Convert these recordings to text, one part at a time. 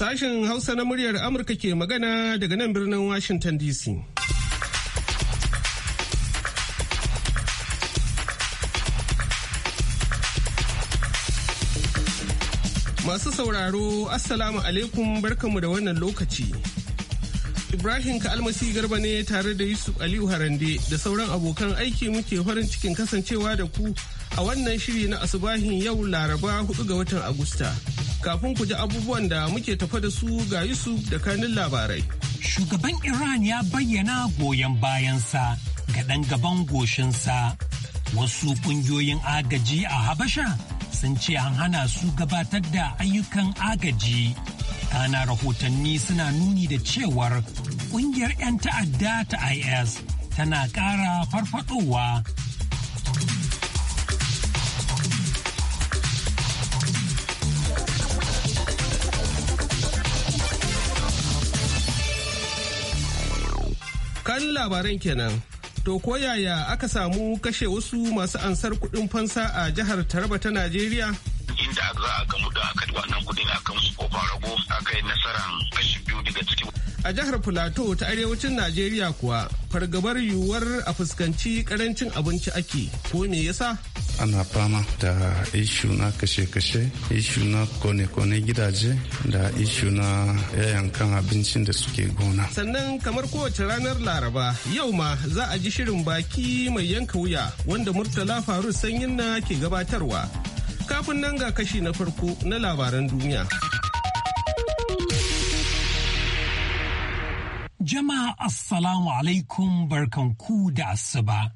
Sashen Hausa na muryar Amurka ke magana daga nan birnin Washington DC. Masu sauraro, Assalamu alaikum barkanmu da wannan lokaci. Ibrahim Kalmasi Garba ne tare da Yusuf Aliyu Harande da sauran abokan aiki muke farin cikin kasancewa da ku a wannan shiri na asubahin yau Laraba 4 ga watan Agusta. Kafin ku ji abubuwan da muke tafa da su ga Yusuf da kanin labarai. Shugaban Iran ya bayyana goyon bayansa ga ɗan gaban goshinsa. Wasu ƙungiyoyin agaji a Habasha sun ce an hana su gabatar da ayyukan agaji. Kana rahotanni suna nuni da cewar ƙungiyar 'yan ta'adda ta IS tana ƙara farfadowa labaran kenan. To ko yaya aka samu kashe wasu masu ansar kuɗin fansa a jihar Taraba ta Najeriya? Inda za a gamu da aka nan kuɗin aka musu kofar rago aka yi nasarar kashe biyu daga ciki. A jihar Filato ta arewacin Najeriya kuwa fargabar yiwuwar a fuskanci karancin abinci ake ko me yasa? ana fama da ishu na kashe-kashe ishu na kone-kone gidaje da ishu na yayan kan abincin da suke gona sannan kamar kowace ranar laraba yau ma za a ji shirin baki mai yanka wuya wanda murtala faru sanyin na ke gabatarwa kafin nan ga kashi na farko na labaran duniya Jama'a Assalamu alaikum barkanku da asuba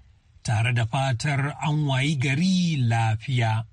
tare da fatar an wayi gari lafiya.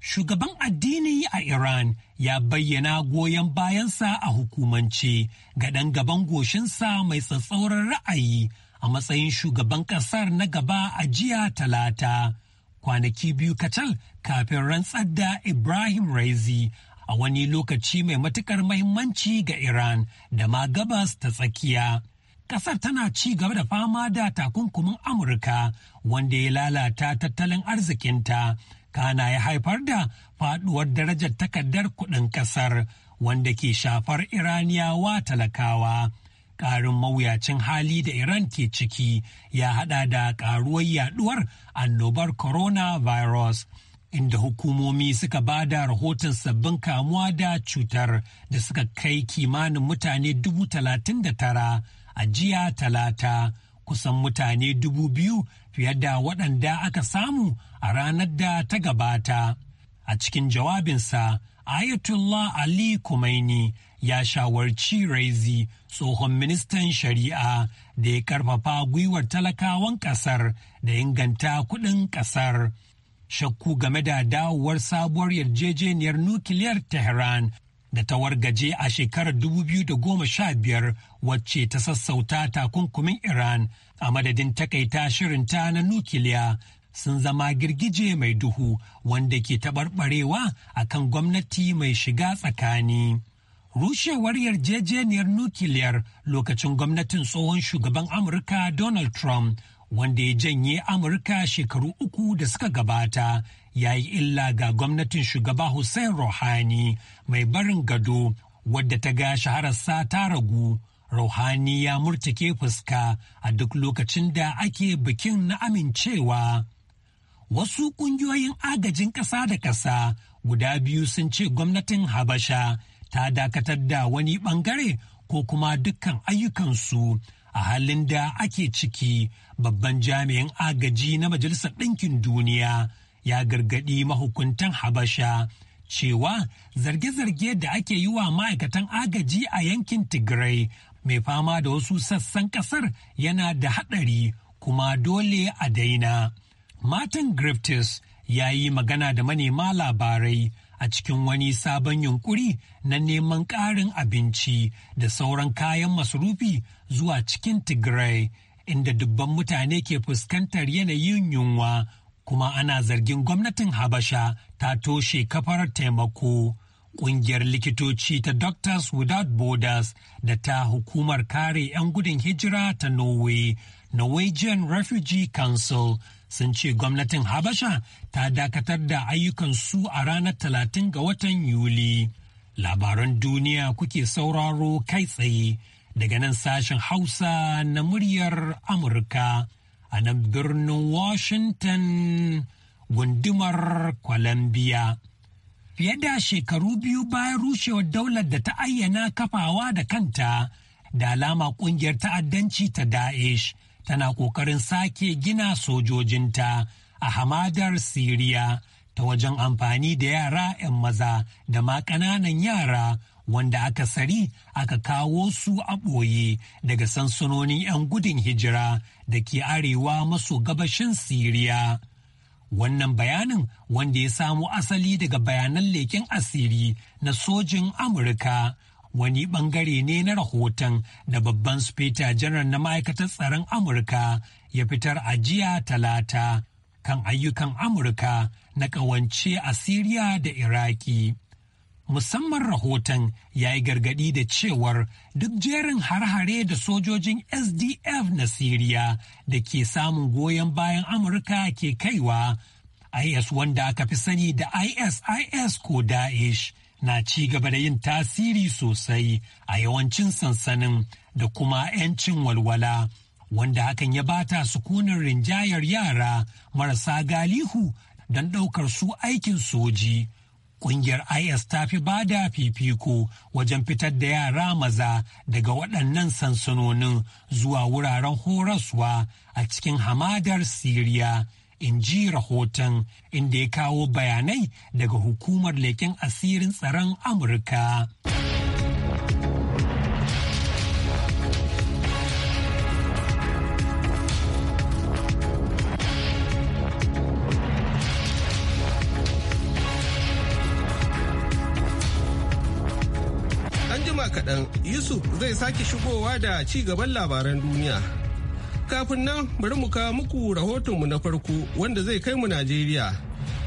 Shugaban addini a Iran ya bayyana goyon bayansa a hukumance ga ɗan gaban goshinsa mai tsatsauran ra'ayi a matsayin shugaban ƙasar na gaba a jiya talata. Kwanaki biyu kacal kafin rantsar da Ibrahim Raizi a wani lokaci mai matukar mahimmanci ga Iran da ma gabas ta tsakiya. kasar tana ci gaba da fama da takunkumin amurka wanda ya lalata tattalin arzikinta kana ya haifar da faduwar darajar takardar kudin kasar wanda ke shafar iraniyawa talakawa ƙarin mawuyacin hali da iran ke ciki ya hada da ƙaruwar yaduwar annobar coronavirus inda hukumomi suka ba da rahoton sabbin kamuwa da cutar da suka kai kimanin mutane dubu talatin da tara a jiya talata kusan mutane dubu biyu fiye da waɗanda aka samu a ranar da ta gabata. A cikin jawabinsa, Ayatollah Ali Kumaini ya shawarci Raizi tsohon ministan shari'a da ya karfafa gwiwar talakawan ƙasar da inganta kuɗin ƙasar. Shakku game da dawowar sabuwar yarjejeniyar nukiliyar Tehran da ta wargaje a shekarar 2015 wacce ta sassauta takunkumin Iran a madadin takaita shirinta na nukiliya sun zama girgije mai duhu wanda ke taɓarɓarewa a kan gwamnati mai shiga tsakani. Rushewar yarjejeniyar nukiliyar lokacin gwamnatin tsohon shugaban Amurka Donald Trump wanda ya janye Amurka shekaru uku da suka gabata ya yi illa ga gwamnatin shugaba Hussein Rouhani mai barin gado wadda ta ga shahararsa ta ragu. Rouhani ya murtake fuska a duk lokacin da ake bikin na amincewa. Wasu ƙungiyoyin agajin ƙasa da ƙasa guda biyu sun ce gwamnatin Habasha ta dakatar da wani bangare ko kuma dukkan ayyukansu a halin da ake ciki babban jami'in agaji na majalisar ɗinkin duniya ya gargaɗi mahukuntan habasha cewa zarge-zarge da ake yi wa ma'aikatan agaji a yankin tigray mai fama da wasu sassan ƙasar yana da haɗari kuma dole a daina martin griffiths ya yi magana da manema labarai a cikin wani sabon yunkuri na neman ƙarin abinci da sauran kayan masrufi zuwa cikin Tigray, inda dubban mutane ke fuskantar yanayin yunwa kuma ana zargin gwamnatin Habasha ta toshe kafar taimako. Ƙungiyar likitoci ta Doctors Without Borders da ta hukumar kare 'yan gudun hijira ta Norway, Norwegian Refugee Council sun ce gwamnatin Habasha ta dakatar da ayyukan su a ranar talatin ga watan Yuli. Labaran duniya kuke sauraro kai tsaye daga nan sashen Hausa na muryar Amurka a nan birnin Washington gundumar Columbia. Fiye da shekaru biyu bayan rushewar daular da ta ayyana kafawa da kanta da alama kungiyar ta'addanci ta Daesh. tana ƙoƙarin sake gina sojojinta a hamadar Siriya ta wajen amfani da yara 'yan maza da ma ƙananan yara wanda aka sari aka kawo su a ɓoye daga sansanonin 'yan gudun hijira da ke arewa maso gabashin Siriya. Wannan bayanin wanda ya samo asali daga bayanan leƙen asiri na sojin Amurka wani bangare ne na rahoton da babban speta janar na ma'aikatar tsaron amurka ya fitar a jiya talata kan ayyukan amurka na ƙawance a siriya da iraki musamman rahoton ya yi gargadi da cewar duk jerin har-hare da sojojin sdf na siriya da ke samun goyon bayan amurka ke kaiwa is wanda aka fi sani da isis ko daesh na ci gaba da yin tasiri sosai a yawancin sansanin da kuma 'yancin walwala wanda hakan ya bata sukunin rinjayar yara marasa galihu don ɗaukar su aikin soji. Ƙungiyar IS ta fi ba da fifiko wajen fitar da yara maza daga waɗannan sansanonin zuwa wuraren horaswa a cikin hamadar Siriya in ji rahoton inda ya kawo bayanai daga hukumar leken asirin tsaron amurka kaɗan Yusuf zai sake shigowa da ci gaban labaran duniya Kafin nan bari mu kawo muku rahotonmu na farko wanda zai kai mu Najeriya.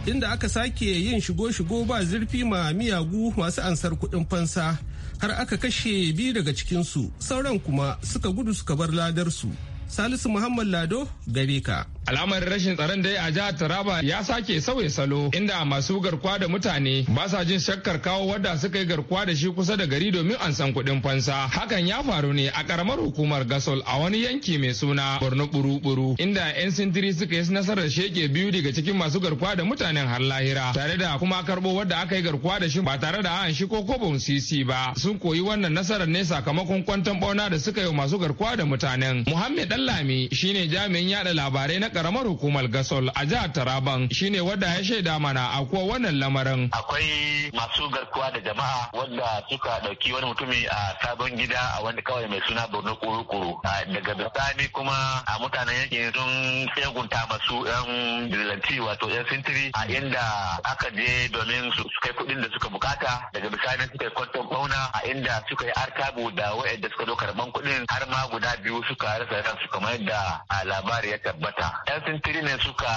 Inda aka sake yin shigo-shigo ba zurfi ma miyagu masu ansar kuɗin fansa har aka kashe biyu daga cikinsu sauran kuma suka gudu suka bar ladarsu. Salisu Muhammad Lado gare ka. Alamar rashin tsaron dai a jihar Taraba ya sake sauya salo inda masu garkuwa da mutane ba sa jin shakkar kawo wadda suka yi garkuwa da shi kusa da gari domin an san kuɗin fansa. Hakan ya faru ne a karamar hukumar Gasol a wani yanki mai suna Borno Buru-Buru inda 'yan sintiri suka yi nasarar sheke biyu daga cikin masu garkuwa da mutanen har lahira tare da kuma karɓo wadda aka yi garkuwa da shi ba tare da an shi ko kobon sisi ba. Sun koyi wannan nasarar ne sakamakon kwanton bauna da suka yi masu garkuwa da mutanen. Muhammad Dallami shine jami'in yada labarai na karamar hukumar gasol a jihar taraban shine wanda ya shaida mana akwai wannan lamarin akwai masu garkuwa da jama'a wanda suka dauki wani mutumi a sabon gida a wani kawai mai suna borno kurukuru daga bisani kuma a mutanen yankin sun tsegunta masu yan dilanti wato yan sintiri a inda aka je domin su kai kuɗin da suka bukata daga bisani suka yi kwanton fauna a inda suka yi artabu da wa'yanda suka zo karban kuɗin har ma guda biyu suka rasa ransu kamar yadda labari ya tabbata yan sintiri ne suka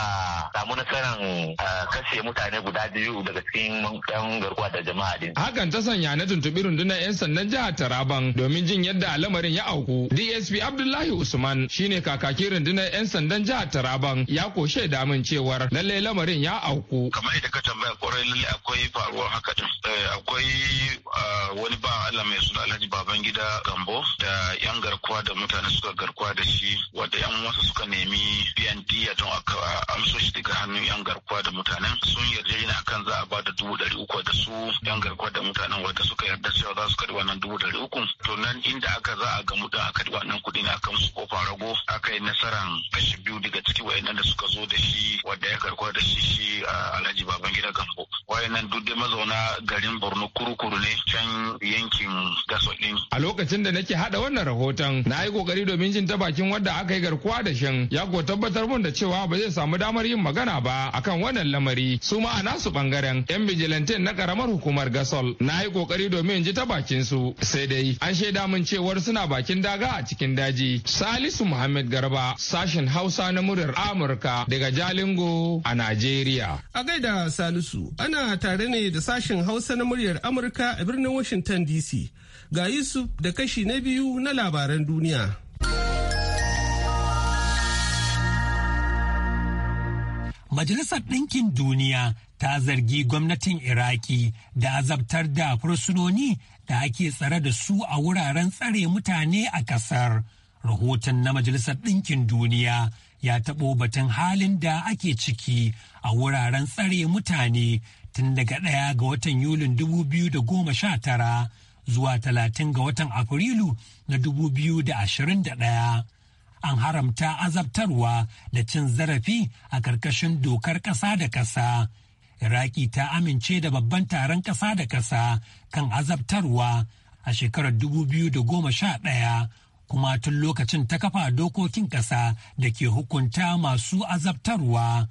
samu nasarar eh, kashe mutane guda biyu daga cikin yan garkuwa da jama'a din hakan ta sanya na tuntuɓi rundunar yan sandan jihar taraban domin jin yadda lamarin ya auku dsp abdullahi usman shine kakakin rundunar yan sandan jihar taraban ya ko shaida min cewar lallai lamarin ya auku kamar yadda ka tambaya kwarai lallai akwai faruwar haka eh, akwai eh, wani ba Allah mai suna Alhaji Babangida Gambo da yan garkuwa da mutane suka garkuwa da shi wanda yan wasu suka nemi biyan biyan diya don aka amso shi daga hannun yan garkuwa da mutanen sun yarda ne akan za a bada dubu dari uku da su yan garkuwa da mutanen wanda suka yarda cewa za su karɓi wannan dubu dari uku to nan inda aka za a gamu da a karɓi wannan kuɗi ne aka su kofar rago aka yi nasaran kashe biyu daga ciki wayannan da suka zo da shi wanda ya garkuwa da shi shi Alhaji Babangida Gambo wayannan duk dai mazauna garin Borno kurukuru ne can yankin a lokacin da nake hada wannan rahoton na yi kokari domin jin ta bakin wanda aka yi garkuwa da shin ya ko tabbatar mun da cewa ba zai samu damar yin magana ba akan wannan lamari su ma a nasu bangaren yan bijilantin na karamar hukumar gasol na yi kokari domin ji ta bakin su sai dai an shaida mun cewar suna bakin daga a cikin daji salisu muhammad garba sashen hausa na muryar amurka daga jalingo a najeriya a gaida salisu ana tare ne da sashen hausa na muryar amurka a birnin washington dc Ga Yusuf da kashi na biyu na labaran duniya. Majalisar Ɗinkin Duniya ta zargi gwamnatin Iraki da azabtar da fursunoni da ake tsare da su a wuraren tsare mutane a ƙasar. Rahoton na Majalisar Ɗinkin Duniya ya taɓo batun halin da ake ciki a wuraren tsare mutane tun daga ɗaya ga watan Yulin 2019 zuwa 30 ga watan Afrilu na 2021. An haramta azabtarwa da cin zarafi a ƙarƙashin dokar ƙasa da ƙasa. Iraki ta amince da babban taron ƙasa da ƙasa kan azabtarwa a shekarar 2011 kuma tun lokacin ta kafa dokokin ƙasa da ke hukunta masu azabtarwa.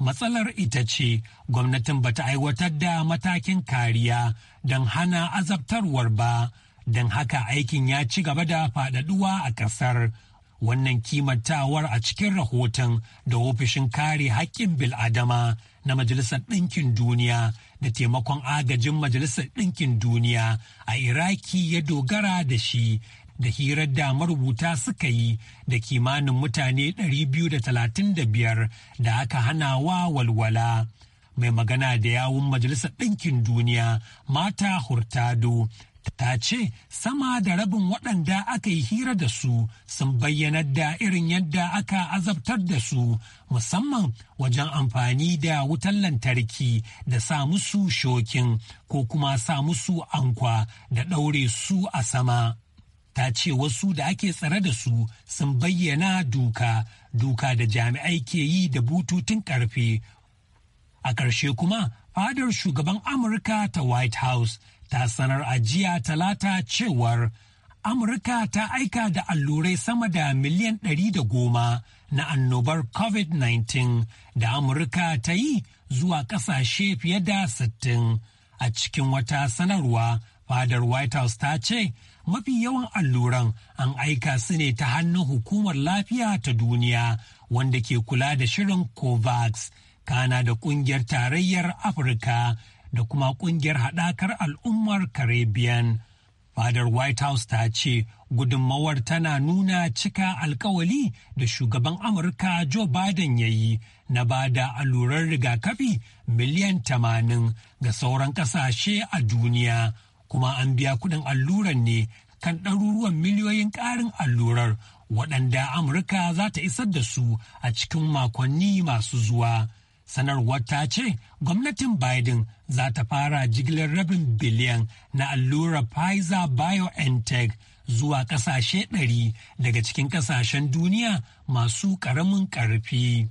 matsalar ita ce gwamnatin bata aiwatar da matakin kariya don hana azabtarwar ba don haka aikin ya ci gaba da faɗaɗuwa a ƙasar wannan kimantawar a cikin rahoton da ofishin kare haƙƙin bil'adama na majalisar ɗinkin duniya da taimakon agajin majalisar ɗinkin duniya a iraki ya dogara da shi da hirar da marubuta suka yi da kimanin mutane 235 da aka hana wa walwala. Mai magana da yawun Majalisar Ɗinkin Duniya, Mata Hurtado, ta ce sama da rabin waɗanda aka yi hira da su sun bayyana da irin yadda aka azabtar da su musamman wajen amfani da wutan lantarki da sa musu shokin ko kuma sa musu ankwa da ɗaure su a sama. ta ce wasu da ake tsare da su sun bayyana duka duka da jami'ai ke yi da bututun karfe a ƙarshe kuma fadar shugaban amurka ta white house ta sanar a jiya talata cewar amurka ta aika da allurai sama da miliyan ɗari da goma na annobar covid-19 da amurka ta yi zuwa ƙasashe fiye da sittin. a cikin wata sanarwa fadar white house ta ce mafi yawan alluran an aika su ne ta hannun hukumar lafiya ta duniya wanda ke kula da shirin covax kana da kungiyar tarayyar afirka da kuma kungiyar haɗakar al'ummar caribbean fadar white house ta ce gudunmawar tana nuna cika alkawali da shugaban amurka joe biden ya yi na ba da allurar rigakafi miliyan tamanin, ga sauran ƙasashe a duniya kuma an biya kuɗin alluran ne kan ɗaruruwan miliyoyin ƙarin allurar waɗanda Amurka za ta isar da su a cikin makonni masu zuwa. Sanarwar ta ce gwamnatin Biden za ta fara jigilar rabin biliyan na allurar Pfizer BioNTech zuwa ƙasashe ɗari daga cikin ƙasashen duniya masu ƙaramin ƙarfi.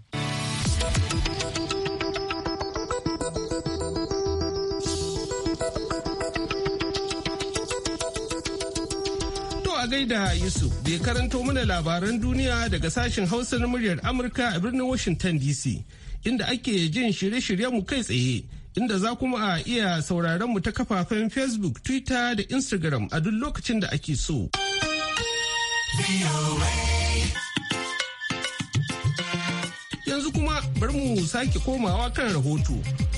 a gaida Yusuf da karanto mana labaran duniya daga sashen Hausa na muryar Amurka a birnin Washington DC inda ake jin shirye-shiryenmu kai tsaye inda za kuma a iya sauraron mu ta kafafen Facebook, Twitter da Instagram a duk lokacin da ake so. Yanzu kuma bar mu sake komawa kan rahoto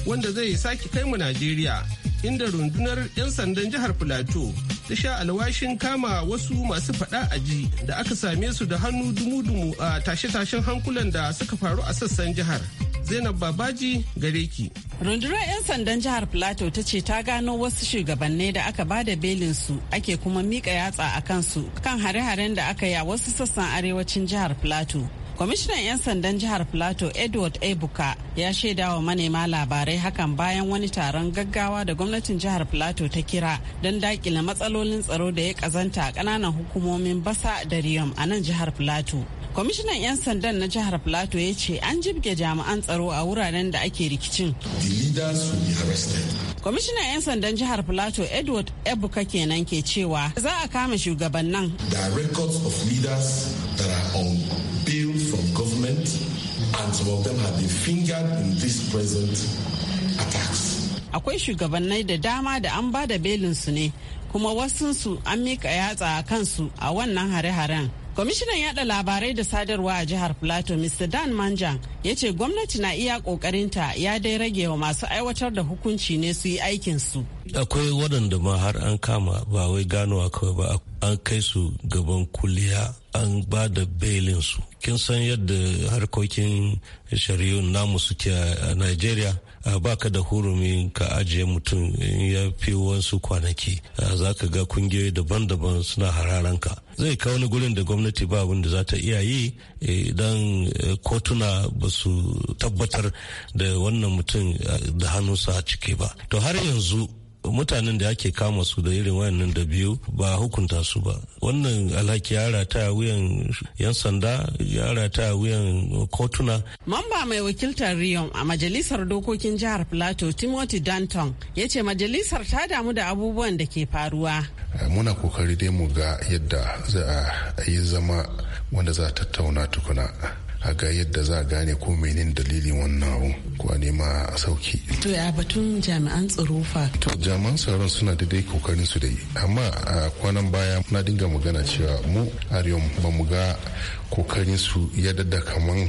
wanda zai sake kai mu Najeriya inda rundunar 'yan sandan jihar Filato ta sha alwashin kama wasu masu fada a ji da aka same su da hannu dumu-dumu a tashe-tashen hankulan da suka faru a sassan jihar. Zainab Babaji gare ki. Rundunar 'yan sandan jihar plato ta ce ta gano wasu shugabanni da aka ba da belinsu ake kuma mika yatsa a kansu kan hare-haren da aka yi a wasu sassan arewacin jihar Plateau. kwamishinan 'yan sandan jihar plateau edward ebuka ya shaida wa manema labarai hakan bayan wani taron gaggawa da gwamnatin jihar plateau ta kira don dakile matsalolin tsaro da ya kazanta a kananan hukumomin basa da riyom a nan jihar plateau kwamishinan 'yan sandan na jihar plateau ya ce an jibge jami'an tsaro a wuraren da ake rikicin kwamishinan 'yan sandan jihar plateau edward ebuka kenan ke cewa za a kama shugabannin. the of leaders some of them have been fingered in these present attacks. Akwai shugabannai da dama da an ba da belinsu ne, kuma wasunsu an mika yatsa a kansu a wannan hare-haren. Kwamishinan yada labarai da sadarwa a jihar Plateau, Mr. Dan manja ya ce gwamnati na iya kokarinta ya dai rage wa masu aiwatar da hukunci ne su yi aikinsu. Akwai waɗanda ma har an kama ba wai ganowa kawai ba an kai su gaban kuliya an ba da belinsu kin san yadda harkokin shari'un namu suke a Najeriya ba ka da hurumi ka ajiye mutum ya fi wasu kwanaki za ka ga kungiyoyi daban-daban suna ka zai kawo wani gurin da gwamnati ba wanda za ta iya yi idan e, e, kotuna ba su tabbatar da wannan mutum e, da hannunsa a ciki ba to har yanzu mutanen da ake kama su da irin wayannan da biyu ba hukunta su ba wannan alhaki ya rata wuyan yan sanda ya rata wuyan kotuna mamba mai wakiltar riyon a majalisar dokokin jihar plateau timothy danton ya ce majalisar ta damu da abubuwan da ke faruwa eh, muna kokari dai mu ga yadda za a yi zama wanda za a tattauna tukuna a ga yadda za a gane ko menene dalilin wannan abu ko a nema a sauki. To ya batun jami'an tsaro fa. To jami'an tsaron suna daidai dai kokarin su da yi amma a kwanan baya na dinga magana cewa mu arewa ba mu ga kokarin su yadda da kaman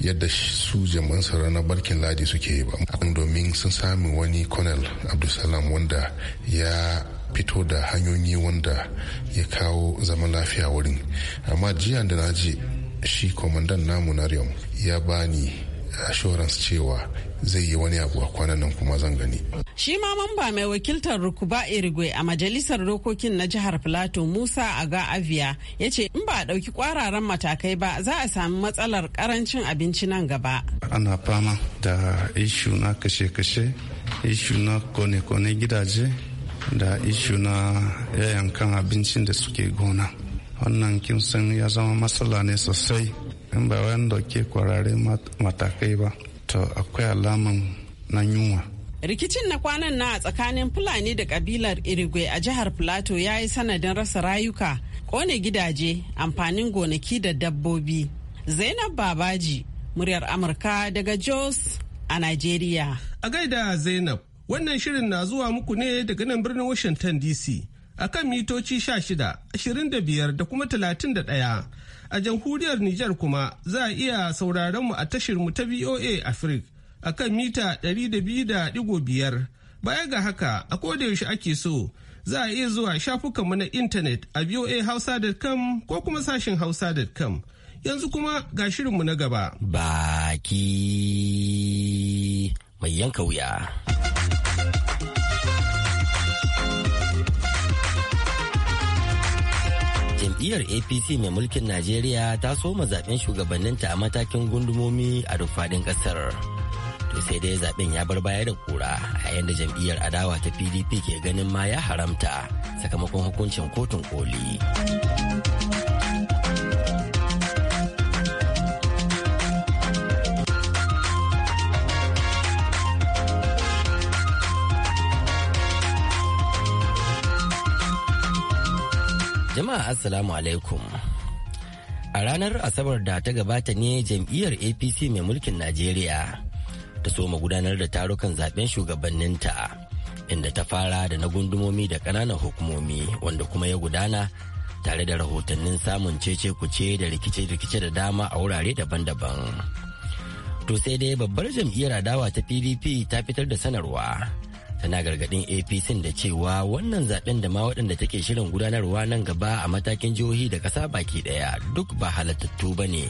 yadda su jami'an tsaro na barkin ladi suke yi ba. Domin sun sami wani Colonel Abdulsalam wanda ya fito da hanyoyi wanda ya kawo zaman lafiya wurin amma jiya da na je shi kwamandan namu na riyom ya bani assurance cewa zai yi wani abu a kwanan nan kuma zan gani. Shi ma mamba mai wakiltar Rukuba Irigwe a majalisar dokokin na jihar plateau Musa Aga Avia ya ce in ba a ɗauki kwararan matakai ba za a sami matsalar karancin abinci nan gaba. Ana fama da ishu na kashe-kashe, ishu na kone-kone gidaje da ishu na yayan kan abincin da suke gona. wannan kin san ya zama matsala ne sosai in ba wayan dauke kwarare matakai ba to akwai alaman na yunwa rikicin na kwanan na a tsakanin fulani da kabilar irigwe a jihar plateau ya yi sanadin rasa rayuka kone gidaje amfanin gonaki da dabbobi zainab babaji muryar amurka daga jos a nigeria a gaida zainab wannan shirin na zuwa muku ne daga nan birnin washington dc a kan mitoci 16, 25 da kuma 31. A jamhuriyar Nijar kuma za a iya sauraron mu a tashar mu ta VOA Africa a kan mita 200.5. Baya ga haka, a yaushe ake so, za a iya zuwa shafukanmu na intanet a voahausa.com ko kuma sashin hausa.com. Yanzu kuma ga shirinmu na gaba. Baki mai yanka wuya. jam'iyyar apc mai mulkin najeriya ta soma zaben shugabanninta a matakin gundumomi a duk ƙasar to sai dai zaben ya bar baya da kura a yadda jam'iyyar adawa ta pdp ke ganin ma ya haramta sakamakon hukuncin kotun koli. Jama'a Assalamu alaikum. A ranar Asabar da ta gabata ne jam'iyyar APC mai mulkin Najeriya ta soma gudanar da tarukan zaben shugabanninta inda ta fara da na gundumomi da ƙananan hukumomi wanda kuma ya gudana tare da rahotannin samun cece kuce da rikice-rikice da dama a wurare daban-daban. To sai dai babbar jam'iyyar adawa ta PDP ta fitar da sanarwa. tana gargadin apc da cewa wannan zaben da ma waɗanda take shirin gudanarwa nan gaba a matakin jihohi da ƙasa baki ɗaya duk ba halattattu ba ne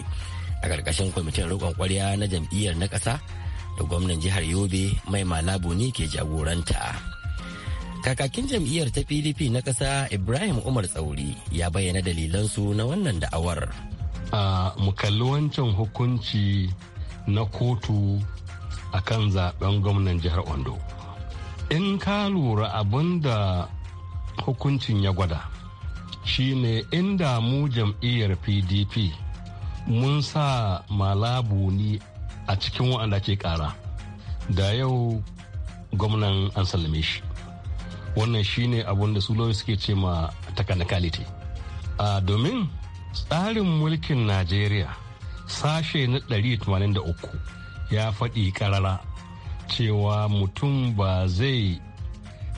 a ƙarƙashin kwamitin rikon ƙwarya na jam'iyyar na ƙasa da gwamnan jihar yobe mai malabu ne ke jagoranta kakakin jam'iyyar ta pdp na ƙasa ibrahim umar tsauri ya bayyana dalilansu na wannan da'awar a mu kalli wancan hukunci na kotu akan zaben gwamnan jihar ondo in ka lura abin da hukuncin ya gwada shine inda mu jam'iyyar pdp mun sa malabu ni a cikin waɗanda ke ƙara da yau gwamnan an sallame shi wannan shine abin da suloyi suke ce ma takanakalite. a domin tsarin mulkin najeriya sashe na 183 ya faɗi ƙarara cewa mutum ba zai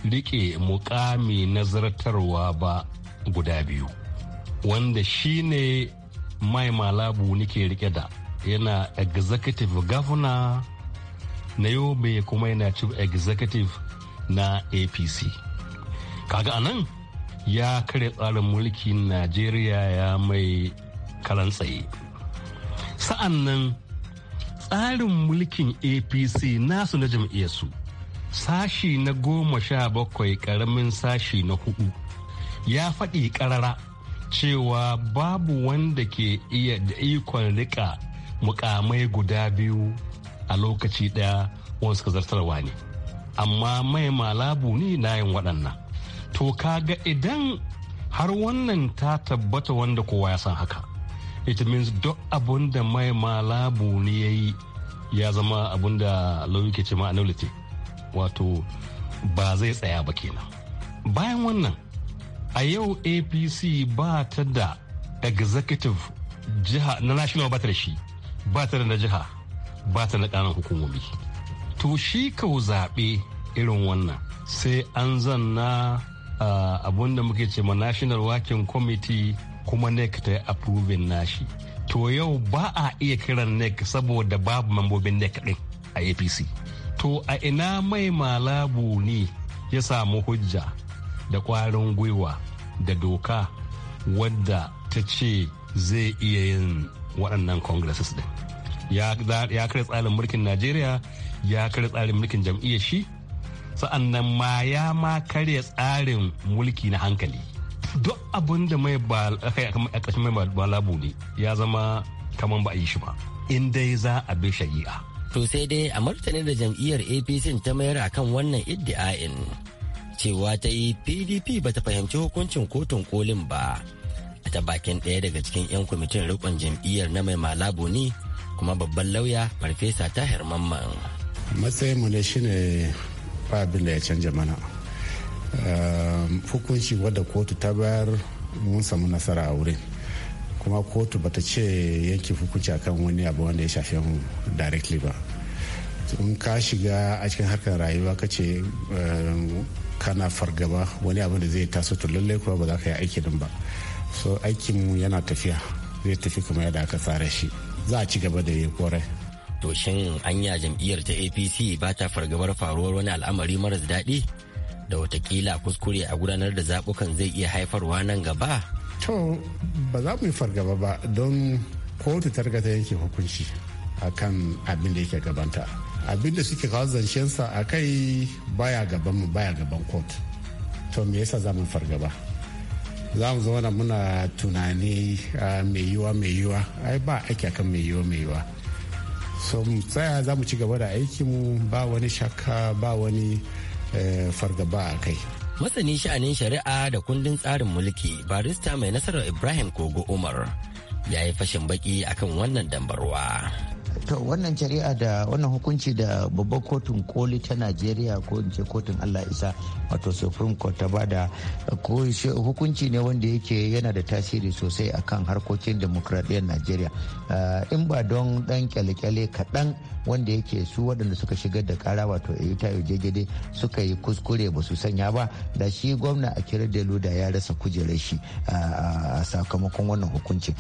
rike mukami nazartarwa ba guda biyu wanda shi ne mai malabu nike rike da yana executive governor na yobe kuma yana chief executive na apc kaga anan ya kare tsarin mulkin najeriya ya mai kalan tsaye sa'an nan tsarin mulkin apc nasu na jam'iyyarsu sashi na goma sha bakwai karamin sashi na hudu ya faɗi ƙarara cewa babu wanda ke iya da ikon rika mukamai guda biyu a lokaci ɗaya wani suka zartarwa ne amma mai malabu ne na yin waɗannan to kaga idan har wannan ta tabbata wanda kowa ya san haka it means duk abun da mai malabu ne ya yi ya zama abun da lauyi ke ce ma annullity wato ba zai tsaya ba kenan bayan wannan a yau apc ba ta da executive jiha na national ba ta da shi ba ta da jiha ba ta da ƙanan hukumomi to shi kau zaɓe irin wannan sai an zanna ah, abun da muke ce ma national working committee kuma nec ta yi approving nashi to yau ba a iya kiran nec saboda babu mambobin nec din a apc to a ina mai malabu ne ya samu hujja da kwarin gwiwa da doka wadda ta ce zai iya yin waɗannan congresses din ya kare tsarin mulkin najeriya ya kare tsarin mulkin jam'iyyar shi sa'an nan ma ya ma karya tsarin mulki na hankali duk abin da mai ba a ya zama kamar ba a yi shi ba in dai za a bi shari'a. To sai dai a martani da jam'iyyar APC ta mayar akan wannan iddi'ain cewa ta yi PDP ba ta fahimci hukuncin kotun kolin ba. A ta bakin ɗaya daga cikin 'yan kwamitin rikon jam'iyyar na mai malabu ne kuma babban lauya farfesa tahir mamman. Matsayinmu ne shine ba abin da ya canja mana. Ehm, hukunci wadda kotu ta bayar mun samu nasara a wurin kuma kotu bata ce yanke hukunci akan wani abu wanda ya shafi mu directly ba in ka shiga a cikin harkar rayuwa ka ce ehm, kana fargaba wani abu da zai taso to lalle kuma ba za ka yi aiki din ba so mu yana tafiya zai tafi kuma yadda aka tsara shi za a ci gaba da yi kore to shin anya jam'iyyar ta apc ba ta fargabar faruwar wani al'amari maras daɗi da watakila kuskure a gudanar da zabukan zai iya haifarwa nan gaba? To, ba za mu yi fargaba ba don kotu ta riga ta yanke hukunci akan abin da yake gabanta. Abin da suke kawo zancensa a kai baya gaban mu baya gaban kotu. To, me yasa za mu fargaba? Za mu zauna muna tunani mai yiwa mai yiwa, ai ba aiki akan mai yiwa mai yiwa. So, mu tsaya za mu ci gaba da aikinmu ba wani shakka ba wani Eh, fargaba a kai masani sha'anin shari'a da kundin tsarin mulki barista mai nasarar ibrahim kogo umar ya yi fashin baki akan wannan dambarwa to wannan shari'a da wannan hukunci da babban kotun koli ta najeriya ko in ce kotun allah isa wato supreme court ta bada hukunci ne wanda yake yana da tasiri sosai akan harkokin demokradiyyar najeriya eh, in ba don dan kyale-kyale kaɗan wanda yake su waɗanda suka shigar da kara wato eyita jegede suka yi kuskure ba su sanya ba da shi gwamna a kirar da luda ya rasa kujerar shi a sakamakon wannan hukunci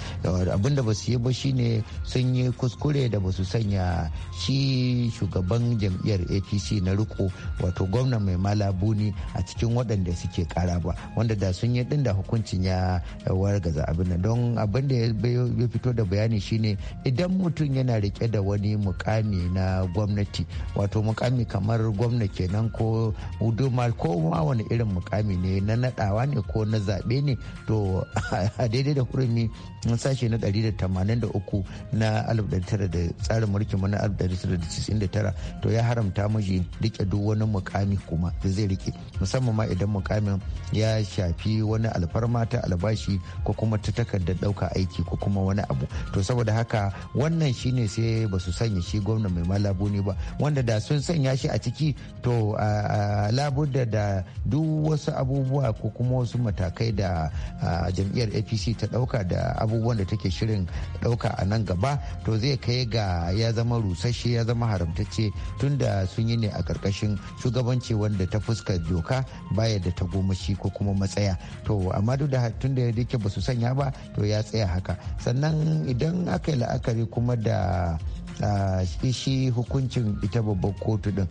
abinda da ba su yi ba shine sun yi kuskure da ba su sanya shi shugaban jam'iyyar apc na riko wato gwamna mai malabuni a cikin waɗanda suke kara ba wanda da sun yi ɗin da hukuncin ya wargaza abin nan don abin ya fito da bayani shine idan mutum yana rike da wani mukami ne na gwamnati wato mukami kamar gwamna kenan ko huduma ko ma wani irin mukami ne na nadawa ne ko na zaɓe ne to a daidai da kurumi sashe na 183 na 1900 da tsarin mulkin na 1999 to ya haramta mashi rike duk wani mukami kuma da zai rike musamman ma idan mukamin ya shafi wani alfarma ta albashi ko kuma ta takardar dauka aiki ko kuma wani abu to saboda haka wannan shine sai ba su sanya shi gwamna mai malabu ne ba wanda da sun sanya shi a ciki to labudda da duk wasu abubuwa ko kuma wasu matakai da jam'iyyar apc ta dauka da abubuwa abubuwan da take shirin ɗauka a nan gaba to zai kai ga ya zama rusasshe ya zama haramtacce tun da sun yi ne a ƙarƙashin shugabanci wanda ta fuska doka baya da ta shi ko kuma matsaya to amma duk da tun da yake ba su sanya ba to ya tsaya haka sannan idan aka yi la'akari kuma da shi hukuncin ita babban kotu din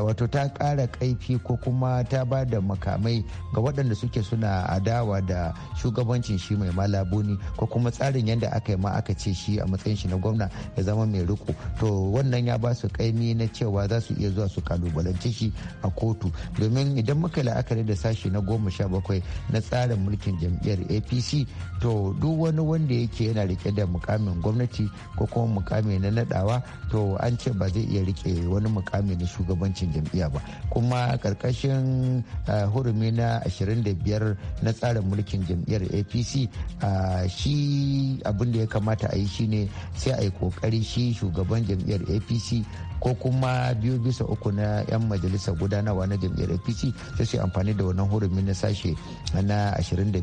wato ta kara kaifi ko kuma ta ba da makamai ga waɗanda suke suna adawa da shugabancin shi mai malabuni ko kuma tsarin yadda aka yi ma aka ce shi a matsayin shi na gwamna ya zama mai riko to wannan ya ba su kaimi na cewa za su iya zuwa su kalubalance shi a kotu domin idan muka la'akari da sashi na goma sha bakwai na tsarin mulkin jam'iyyar apc to duk wani wanda yake yana rike da mukamin gwamnati ko kuma mukami na nadawa to an ce ba zai iya rike wani mukami na shugabancin jam'iyya ba kuma karkashin hurumi na 25 na tsarin mulkin jam'iyyar apc shi abin ya kamata a yi shi ne sai a yi kokari shi shugaban jam'iyyar apc ko kuma biyu bisa uku na 'yan majalisar gudanarwa na jam'iyyar apc sai su amfani da wannan hurumi na sashe na 25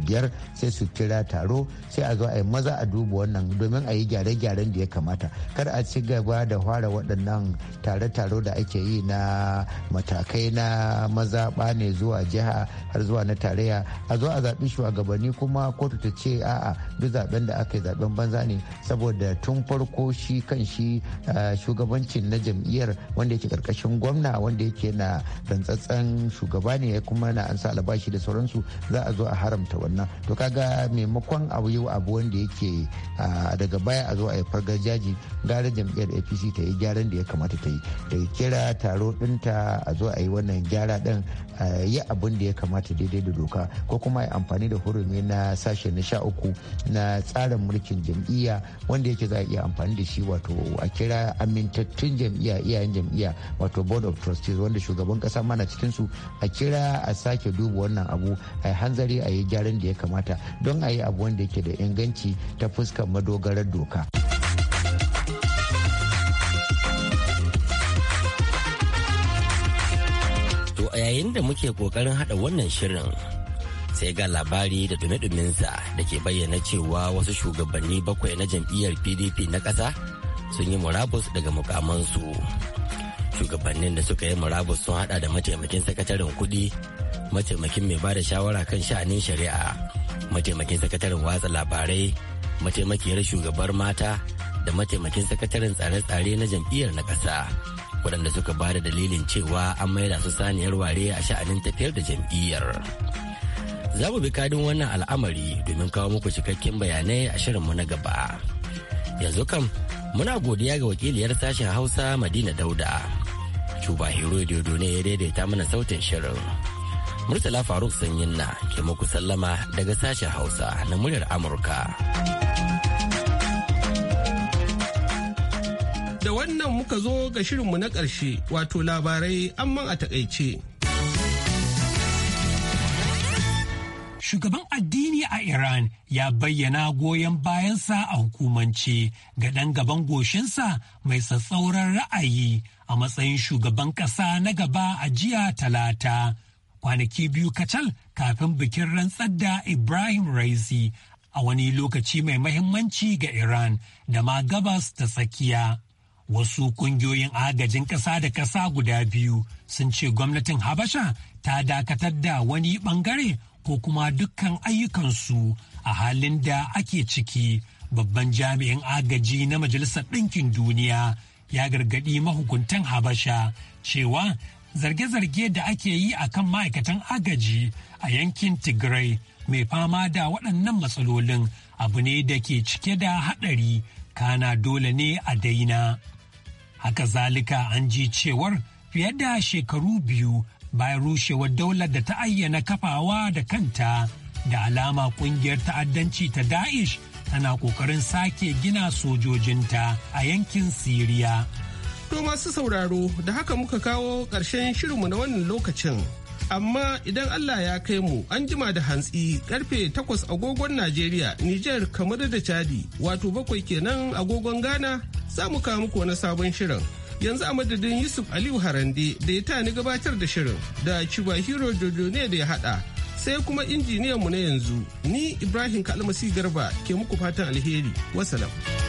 sai su kira taro taro sai a zo a yi maza a duba wannan domin a yi gyare-gyaren da ya kamata kar a ci gaba da fara waɗannan tare-taro da ake yi na matakai na maza ne zuwa jiha har zuwa na tarayya a zo a zaɓi shugabanni kuma kotu ta ce a'a duk zaɓen da aka yi zaɓen banza ne saboda tun farko shi kan shi eh, shugabancin na jam'iyyar wanda yake karkashin gwamna wanda yake na rantsatsen shugaba ne ya kuma na an sa albashi da sauransu za a zo a haramta wannan to kaga maimakon maimakon abu yau abu wanda yake daga baya a zo a yi fargar jaji gara jam'iyyar apc ta yi gyaran da ya kamata ta yi da kira taro dinta a zo a yi wannan gyara din yi abin da ya kamata daidai da doka ko kuma yi amfani da hurumi na sashe na sha uku na tsarin mulkin jam'iyya wanda yake za a iya amfani da shi wato a kira amintattun jam'iyya iyayen jam'iyya wato board of trustees wanda shugaban kasa mana cikin su a kira a sake duba wannan abu a yi hanzari a yi gyaran da ya kamata don a yi abu wanda yake da inganci ta fuskar madogarar doka. To a yayin da muke kokarin hada wannan shirin sai ga labari da dumi-duminsa da ke bayyana cewa wasu shugabanni bakwai na jam'iyyar pdp na ƙasa sun yi murabus daga mukamansu shugabannin da suka yi murabus sun hada da mataimakin sakataren kudi mataimakin mai ba da shawara kan sha'anin shari'a mataimakin sakataren watsa labarai mataimakiyar shugabar mata da mataimakin sakataren tsare-tsare na jam'iyyar na ƙasa waɗanda suka ba da dalilin cewa an maida su saniyar ware a sha'anin tafiyar da jam'iyyar za mu bi kadin wannan al'amari domin kawo muku cikakken bayanai a shirin mu na gaba yanzu kam muna godiya ga wakiliyar sashen hausa madina dauda cuba hero ne ya daidaita mana sautin shirin Murtala Faruk Sanyin na ke muku sallama daga sashen Hausa na muryar Amurka. Da wannan muka zo ga shirinmu na ƙarshe wato labarai amman a taƙaice. Shugaban addini a Iran ya bayyana goyon bayansa a hukumance ga ɗan gaban goshinsa mai sassauran ra'ayi a matsayin shugaban ƙasa na gaba a jiya talata. kwanaki biyu kacal kafin bikin rantsar da Ibrahim Raisi a wani lokaci mai mahimmanci ga Iran da ma gabas ta tsakiya. Wasu kungiyoyin agajin ƙasa da ƙasa guda biyu sun ce gwamnatin Habasha ta dakatar da wani ɓangare ko kuma dukkan ayyukansu a halin da ake ciki. Babban jami'in agaji na Majalisar Ɗinkin Duniya ya gargaɗi mahukuntan Habasha cewa zarge-zarge da ake yi a kan ma'aikatan agaji a yankin Tigray mai fama da waɗannan matsalolin abu ne da ke cike da haɗari kana dole ne a daina. Haka zalika an ji cewar fiye da shekaru biyu bayan rushewar daular da ta ayyana kafawa da kanta da alama kungiyar ta'addanci ta Daesh tana ƙoƙarin sake gina sojojinta a yankin Siriya. To masu sauraro da haka muka kawo ƙarshen shirinmu na wannan lokacin. Amma idan Allah ya kai mu an jima da hantsi karfe takwas agogon Najeriya, Nijar kamar da Chadi wato bakwai kenan agogon Ghana za mu kawo muku wani sabon shirin. Yanzu a madadin Yusuf Aliyu Harande da ya tani gabatar da shirin da Chiba Hero jojo ne da ya haɗa sai kuma injiniyanmu na yanzu ni Ibrahim Kalmasi Garba ke muku fatan alheri. Wasalam.